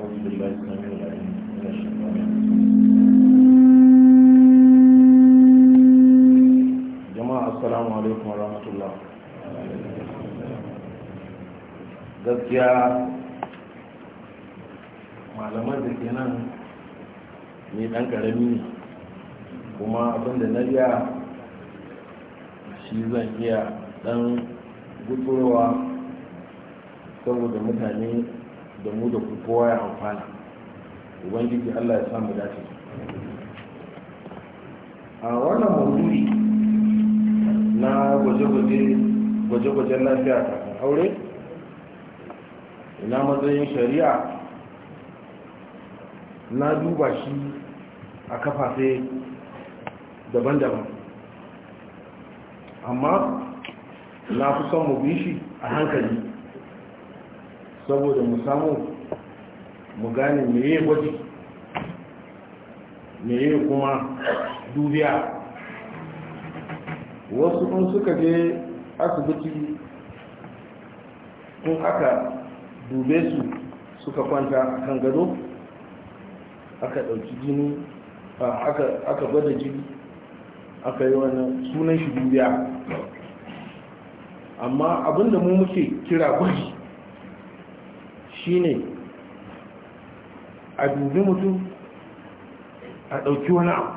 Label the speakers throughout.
Speaker 1: أعوذ بالله السميع العليم من الشيطان جماعة السلام عليكم ورحمة الله gaskiya malaman da ke nan ne ɗan ƙarami ne kuma abinda na riya shi zan iya ɗan gutsurowa saboda mutane da mu da ku kowa ya amfana ubangiji allah ya samu dace a wannan mawuri na gwaje-gwajen lafiya kafin aure ina matsayin shari'a na duba shi a kafafe daban-daban amma na fi son mu bi shi a hankali saboda mu samu mu gane meye gwaji meye kuma dubiya wasu kun suka je asibiti kun aka dube su suka kwanta kan gado aka ɗauki jini aka gwada jini aka yi wani sunan shi dubiya amma abinda mu muke kira gwaji shine a dubi mutum a ɗauki wani abu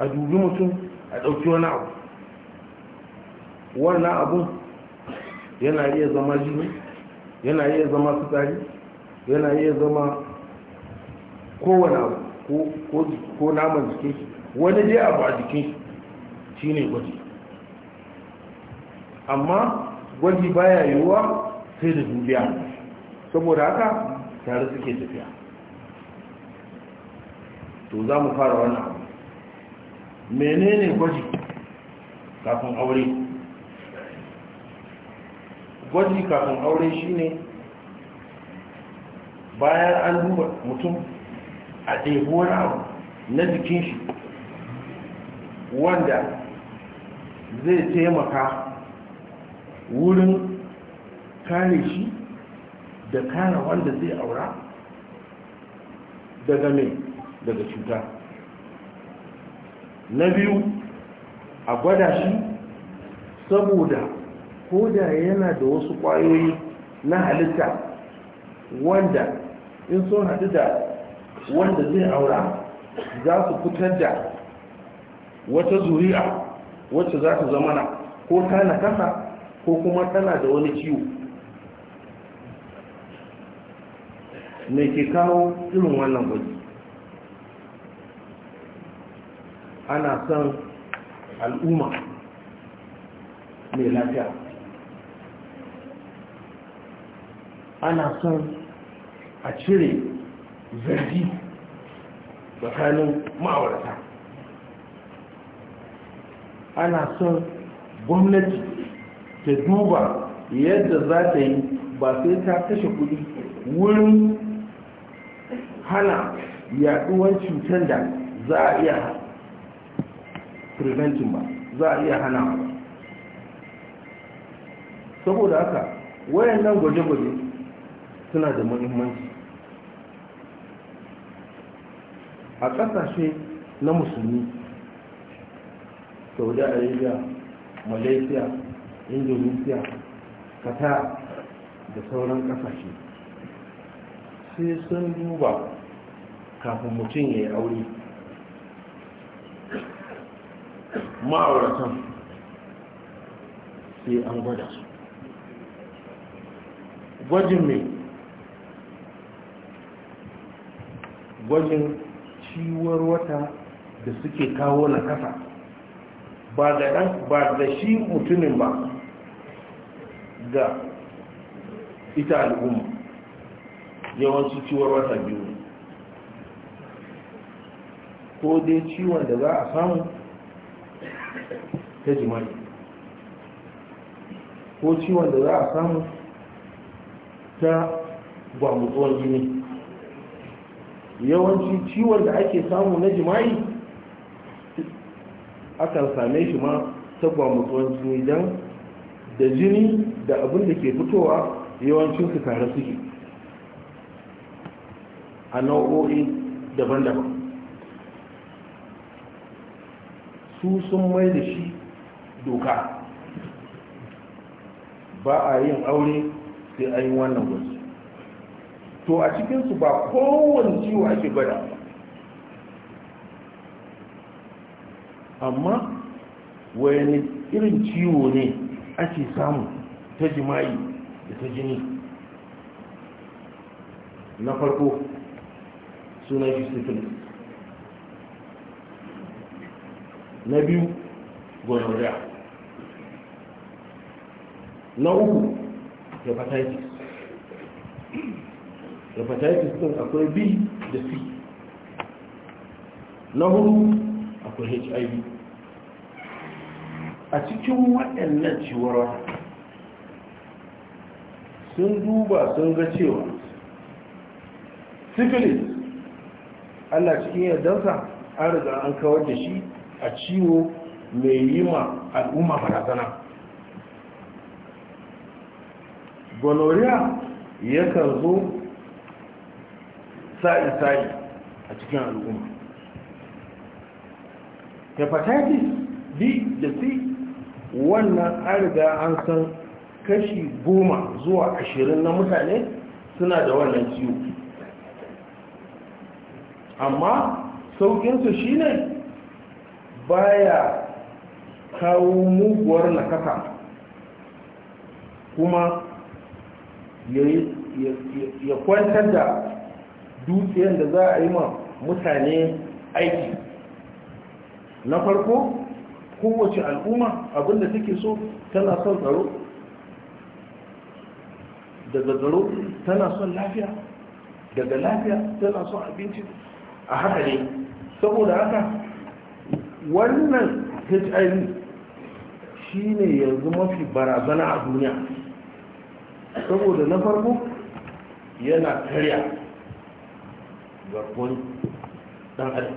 Speaker 1: a dubi mutum a ɗauki wani abu wannan abun yana iya zama jini yana iya zama fitsari yana iya zama kowane abu ko naman jikin shi wani dai abu a jikin shi ne gwaji amma gwaji baya yiwuwa sai da duniya saboda haka tare suke tafiya to za mu fara wannan abu menene gwaji kafin aure gwaji kafin aure shine bayan an duba mutum a ɗebo wani abu na jikin shi wanda zai taimaka wurin kare shi da kare wanda zai aura daga mai daga cuta na biyu a gwada shi saboda ko da yana da wasu kwayoyi na halitta wanda in sun hadu da wanda zai aura za su fitar da wata zuri'a wacce za ta zamana ko tana kasa ko kuma tana da wani ciwo mai ke kawo irin wannan gwaji ana son al'umma mai lafiya ana son a cire zargi tsakanin ma'aurata ana son gwamnati ta duba yadda za ta yi ba sai ta kashe kudi wurin hana yaɗuwar cutar da za a iya preventing ba za a iya hana ba saboda haka wayannan gwaje-gwaje suna da muhimmanci a ƙasashe na musulmi saudi arabia malaysia indonesia qatar da sauran ƙasashe sai sun duba kafin mutum ya yi aure ma'auratan sai an gwada su gwajin mai gwajin ciwar wata da suke kawo na kasa ba da ɗan ba da shi mutumin ba ga ita al'umma yawanci ciwar wata biyu ko dai ciwon da za a samu ta jima'i ko ciwon da za a samu ta gwamutsuwar jini yawanci ciwon da ake samu na jima'i akan same shi ma ta gwamutsuwar jini don da jini da abin da ke fitowa yawancin su tare suke a nau'o'i daban-daban su sun mai da shi doka ba a yin aure sai an yi wannan gwaji to a cikinsu ba kowane ciwo ake gwada amma wani irin ciwo ne ake samu ta jima'i da ta jini na farko suna yi syphilis na biyu gonorrhea na uku hepatitis hepatitis din akwai b da c na hudu akwai hiv a cikin waɗannan ciwarwa sun duba sun ga cewa syphilis allah cikin yardarsa an riga an kawar da shi a ciwo mai yi ma al'umma barazana gonorrhea yakan zo sa'i-sa'i a cikin al'umma hepatitis b da c wannan an riga an san kashi goma zuwa ashirin na mutane suna da wannan ciwo amma saukinsu shine baya kawo muguwar nakasa kuma ya kwantar da dukiyar da za a yi ma mutane aiki na farko kowace al'umma abinda take so tana son tsaro daga tsaro tana son lafiya daga lafiya tana son abinci a haka ne saboda haka wannan hiv shine yanzu mafi barazana a duniya saboda na farko yana karya garkon dan adam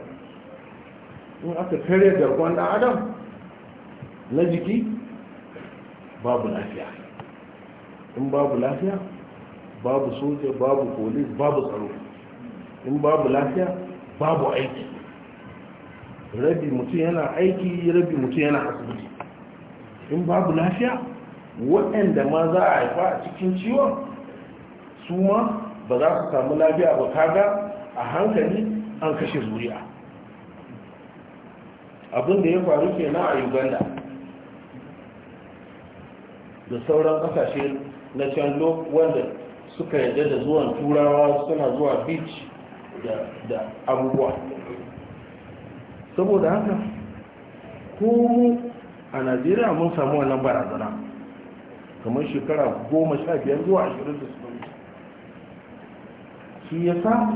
Speaker 1: in aka karya garkon dan adam na jiki babu lafiya in babu lafiya babu soja babu polis babu tsaro in babu lafiya babu aiki rabi mutum yana aiki rabi mutum yana asibiti in babu lafiya waɗanda ma za a haifa a cikin ciwon su ma ba za su samu lafiya ba kaga a hankali an kashe zuri'a Abinda ya faru kenan a uganda da sauran ƙasashe na can wanda suka yadda da zuwan turawa suna zuwa beach da abubuwa saboda haka ko a najeriya mun samu wannan barazana kamar shekara goma sha biyar zuwa ashirin da suka shi ya sa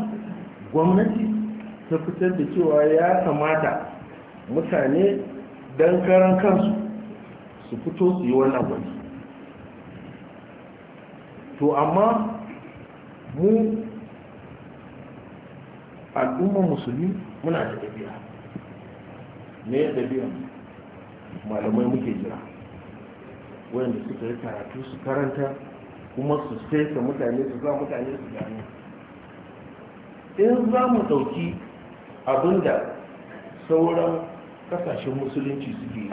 Speaker 1: gwamnati ta fitar da cewa ya kamata mutane don karan kansu su fito su yi wannan gwani to amma mu al'ummar musulmi muna da ɗabi'a me da biyan malamai muke jira wanda suka yi karatu su karanta kuma su ka mutane su za mutane su gani in za mu ɗauki abinda sauran kasashen musulunci suke yi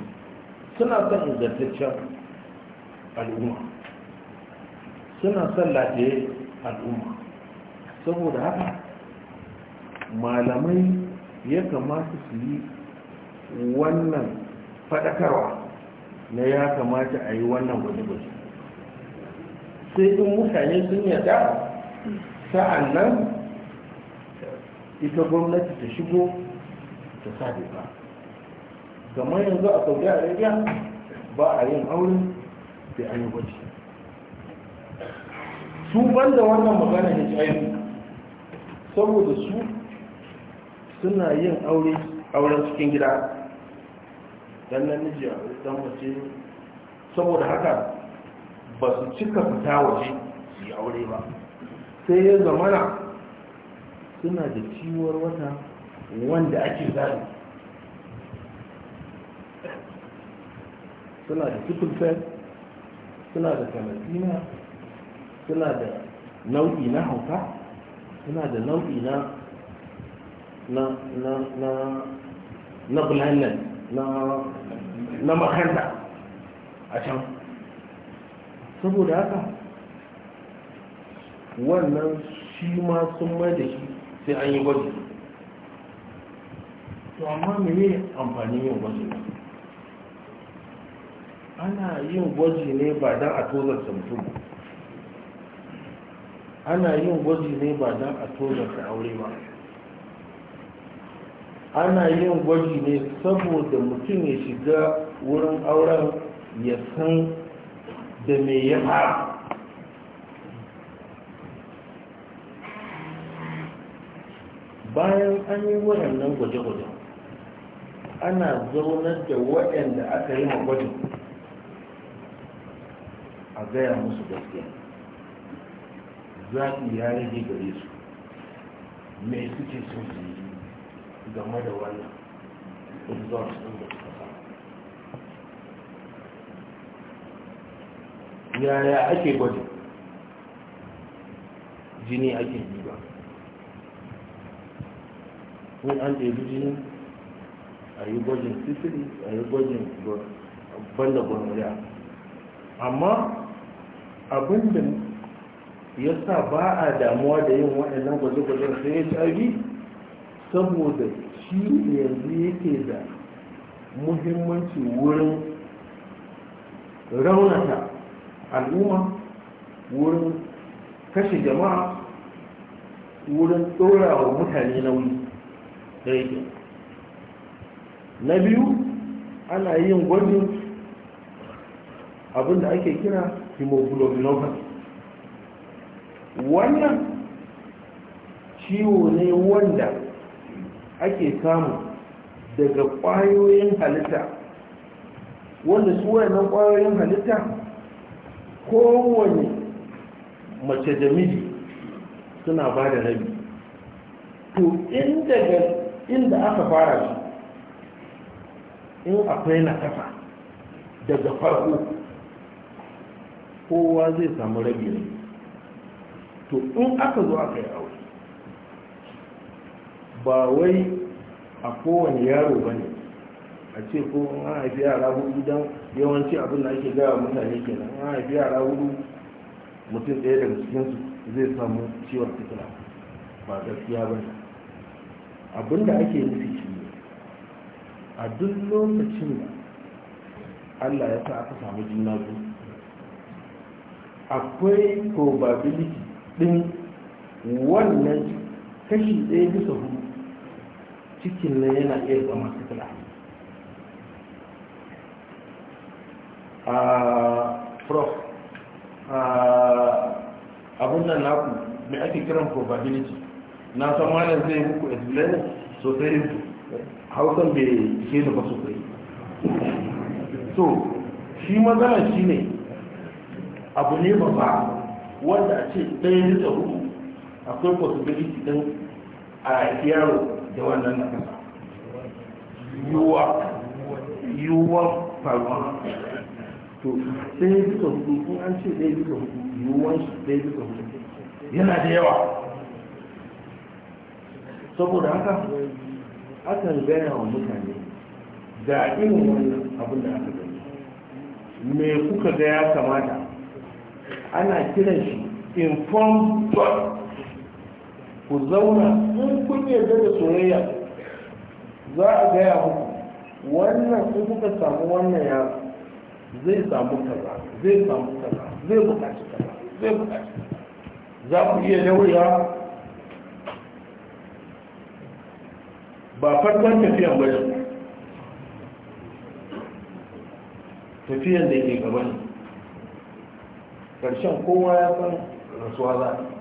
Speaker 1: suna son ingantaccen al'umma suna son lafiyar al'umma saboda haka malamai ya kamata su yi wannan faɗakarwa na ya kamata a yi wannan gwaje-gwaje sai in mutane sun yada sa'an nan ita gwamnati ta shigo ta sabe ba kamar yanzu a saudi arabia ba a yin aure da an yi gwaji su banda wannan magana hiv saboda su suna yin auren cikin gida dan namiji a dan mace saboda haka ba su cika fita waje su yi aure ba
Speaker 2: sai ya zamana
Speaker 1: suna da ciwon wata wanda ake zaɓi suna da fes, suna da talatina suna da nau'i na hauka suna da nau'i na na na na na na makanta a can saboda haka wannan shi ma sun mai da shi sai an yi gwaji to amma mene amfanin yin gwaji ana yin gwaji ne ba don a tozarta mutum ana yin gwaji ne ba don a tozarta aure ba ana yin gwaji ne saboda mutum ya shiga wurin auren ya san da me ya fara bayan an yi waɗannan gwaje-gwaje ana zaunar da waɗanda aka yi ma gwajin a gaya musu gaskiya zaɓi ya rage gare su mai suke son su yi game da wannan results ɗin da suka samu yaya ake gwajin jini ake diba in an ɗebi jini a yi gwajin sisiri a yi gwajin banda gonorrhea amma abinda ya sa ba a damuwa da yin waɗannan gwaje-gwajen sai hiv saboda shi yanzu yake da muhimmanci wurin raunata al'umma wurin kashe jama'a wurin tsora wa mutane nauyi da yake na biyu ana yin gwajin abinda ake kira hemoglobinopathy wannan ciwo ne wanda ake samu daga ƙwayoyin halitta wanda su wayannan ƙwayoyin halitta kowane mace da miji suna ba da rabi to inda da aka fara su in akwai na kafa daga farko kowa zai samu rabi ne to in aka zo aka yi aure ba wai a kowane yaro ba ne a ce ko an haifi yara hudu don yawanci abin da ake gawa mutane kenan an haifi yara hudu mutum ɗaya daga cikinsu zai samu ciwon fitila ba gaskiya ba ne abin da ake nufi shi ne a duk lokacin da allah ya sa aka samu juna biyu akwai probability ɗin wannan kashi ɗaya bisa hudu cikin na yana iya zama fitila prof abun nan naku mai ake kiran probability na san malam zai muku explain sosai hausan bai ke da basu kai? so shi magana shi ne abu ne ba ba wanda a ce ɗaya rika hudu akwai possibility ɗin a yaro da wannan kasa yiwuwa yiwuwar faruwa to ɗaya bisa hudu kun an ce ɗaya bisa hudu yiwuwar su ɗaya bisa hudu yana da yawa saboda haka akan gaya wa mutane ga irin wannan abin da aka gani me kuka ga ya kamata ana kiran shi informed ku zauna in kun yarda da soyayya za a gaya muku wannan in kuka samu wannan ya zai samu kaza zai samu kaza zai buƙaci kaza zai buƙaci za ku iya daurewa ba farkon tafiyan ba ne tafiyan da ke gaba ne ƙarshen kowa ya san rasuwa za a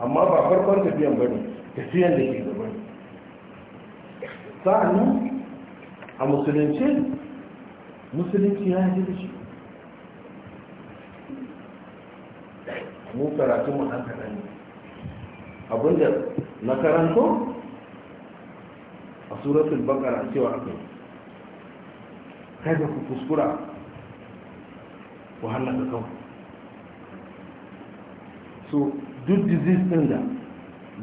Speaker 1: amma ba farkon tafiyan ba ne tafiyan da ke gaba ne a musulunci musulunci ya yi da shi mu karatu mu an kaɗan ne abinda na karanto a suratul bakara cewa kai da ku kuskura ku hallaka kawai so duk disease ɗin da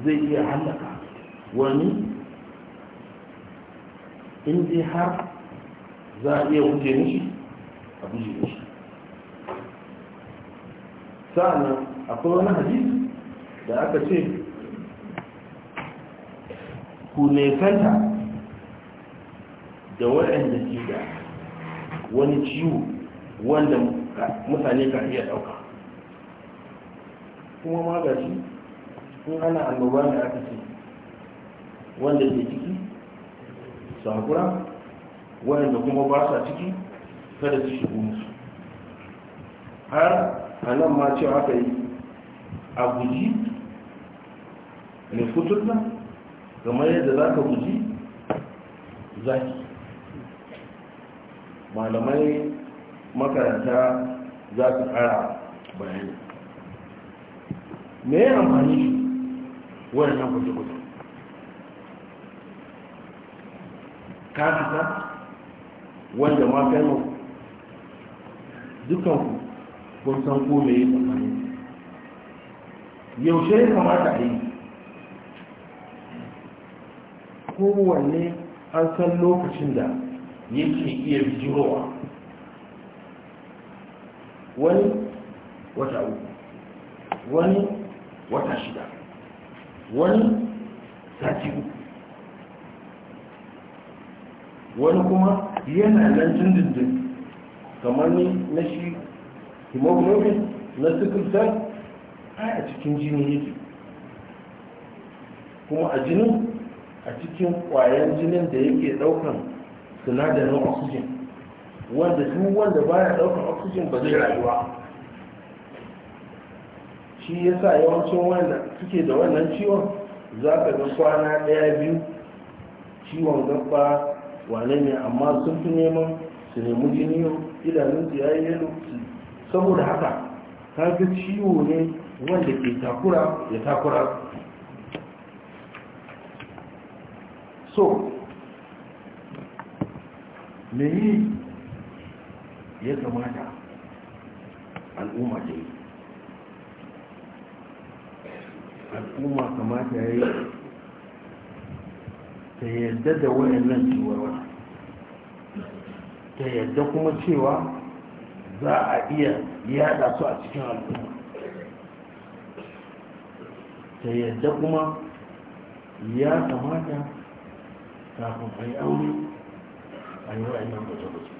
Speaker 1: zai iya hallaka wani in dai har za a iya wuce mishi a guje mishi akwai wani hadisi da aka ce ku nesanta da waɗanda ke da wani ciwo wanda mutane ka iya ɗauka kuma ma ga shi in ana annoba ne aka ce wanda ke ciki sakura, wayanda wanda kuma ba sa ciki kada su shigo musu har a nan ma ce aka yi a guji mai kuturna kamar yadda za ka guji zaki malamai makaranta za su kara bayani me ya amfani shi wani guje-guje ka kafita wanda ma kai mu dukan ku kun san ko me ya amfani yaushe ya kamata a yi kowanne an san lokacin da yake iya bijirowa wani wata uku wani wata shida wani sati wani kuma yana nan dindindin kamar ni na shi hemoglobin na sikilsar a cikin jini yake kuma a jinin a cikin kwayan jinin da yake daukan sinadarin oxygen wanda duk wanda baya daukan oxygen ba zai rayuwa shi sa yawancin wanda suke da wannan ciwon za ka ga kwana daya biyu ciwon gaba wane ne amma sun fi neman su nemi jini idanun su yayi yalo saboda haka ta fi ciwo ne wanda ke takura ya takura so me ya kamata al'umma ta al'umma kamata ya yi ta yadda da wayannan ciwarwar ta yadda kuma cewa za a iya yada su a cikin al'umma ta yadda kuma ya kamata kafin a yi aure a yi wa'annan gwaje-gwaje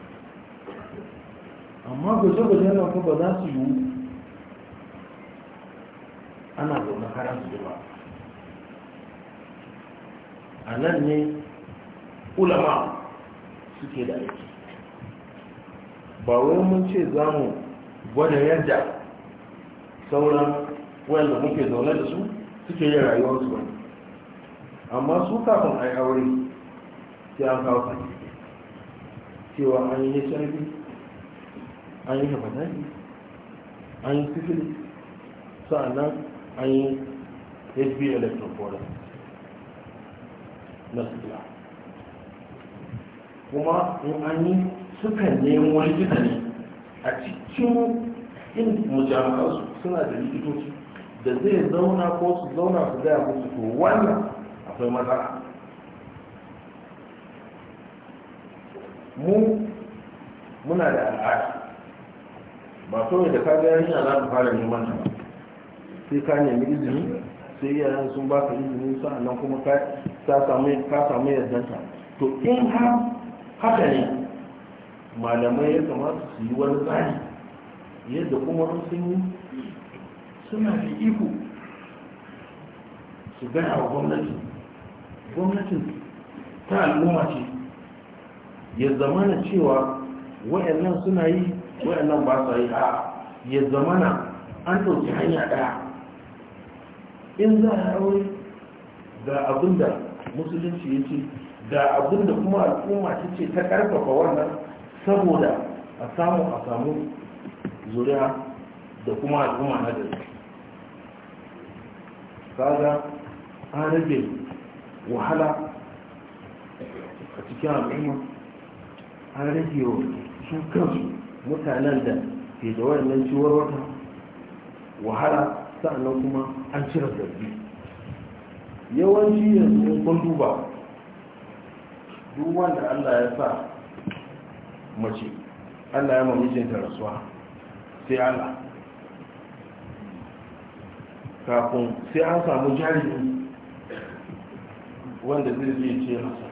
Speaker 1: amma gwaje-gwaje na kuma ba za su yi makara su ji ba a nan ne ulama suke da aiki ba wai mun ce za mu gwada yadda sauran wanda muke zaune da su suke yin rayuwarsu ba amma su kafin a yi aure sai an kawo kan cewa an yi hiv an yi hepatitis an yi syphilis sa'annan an yi hb electrophora na sikila kuma in an yi sukan nemo likita ne a cikin in mujamakansu suna da likitoci da zai zauna ko su zauna su gaya musu to wannan akwai matsala mu muna da al'ada ba kawai da kaga yarinya za mu fara neman ta ba sai ka nemi izini sai iyayen sun ba ka izini sa'annan kuma ka samu yardanta to in ha haka ne malamai ya kamata su yi wani tsari yadda kuma sun yi suna da iko su gana wa gwamnati gwamnatin ta al'umma ce ya zamana cewa wayannan suna yi wayannan ba su yi a ya zamana an ɗauki hanya ɗaya in za a aure ga abin da musulunci ya ce ga abin da kuma al'umma ta ce ta karfafa wannan saboda a samu a samu zuriya da kuma al'umma na da kaga an rage wahala a cikin al'umma an rage wa su kansu mutanen da ke da wannan ciwar wata wahala sa'annan kuma an cire zargi yawanci yanzu kun duba duk wanda allah ya sa mace allah ya mamijinta rasuwa sai allah kafin sai an samu jari'in wanda zai zai ce masa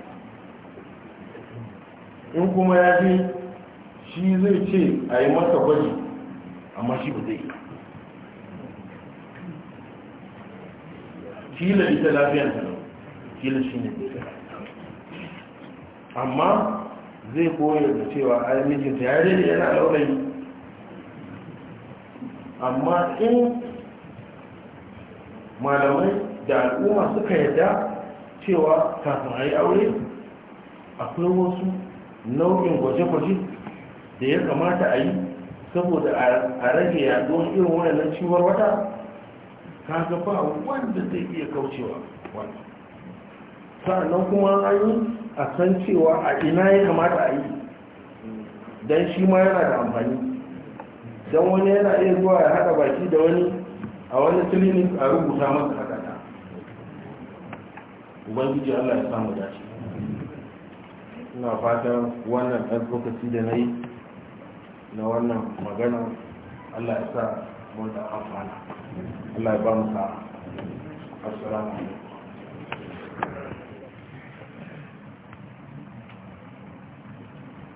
Speaker 1: in kuma ya fi shi zai ce a yi masa gwaji amma shi ba zai yi kila ita lafiyar ta kila shi ne amma zai koyar da cewa ai ya daidai yana laulayi amma in malamai da al'umma suka yadda cewa kafin a yi aure akwai wasu nau'in gwaje-gwaje da ya kamata a yi saboda a rage yaduwar irin wani ciwon wata kaga ba wanda zai iya kaucewa wani sa'annan kuma an a san cewa a ina ya kamata a yi don shi ma yana da amfani don wani yana iya zuwa ya haɗa baki da wani a wani clinic a rubuta masa haɗa ta ubangiji allah ya samu dace ina fatan wannan advocacy da na yi na wannan magana allah ya sa mun da amfana Allah ya ba mu sa'a assalamu alaikum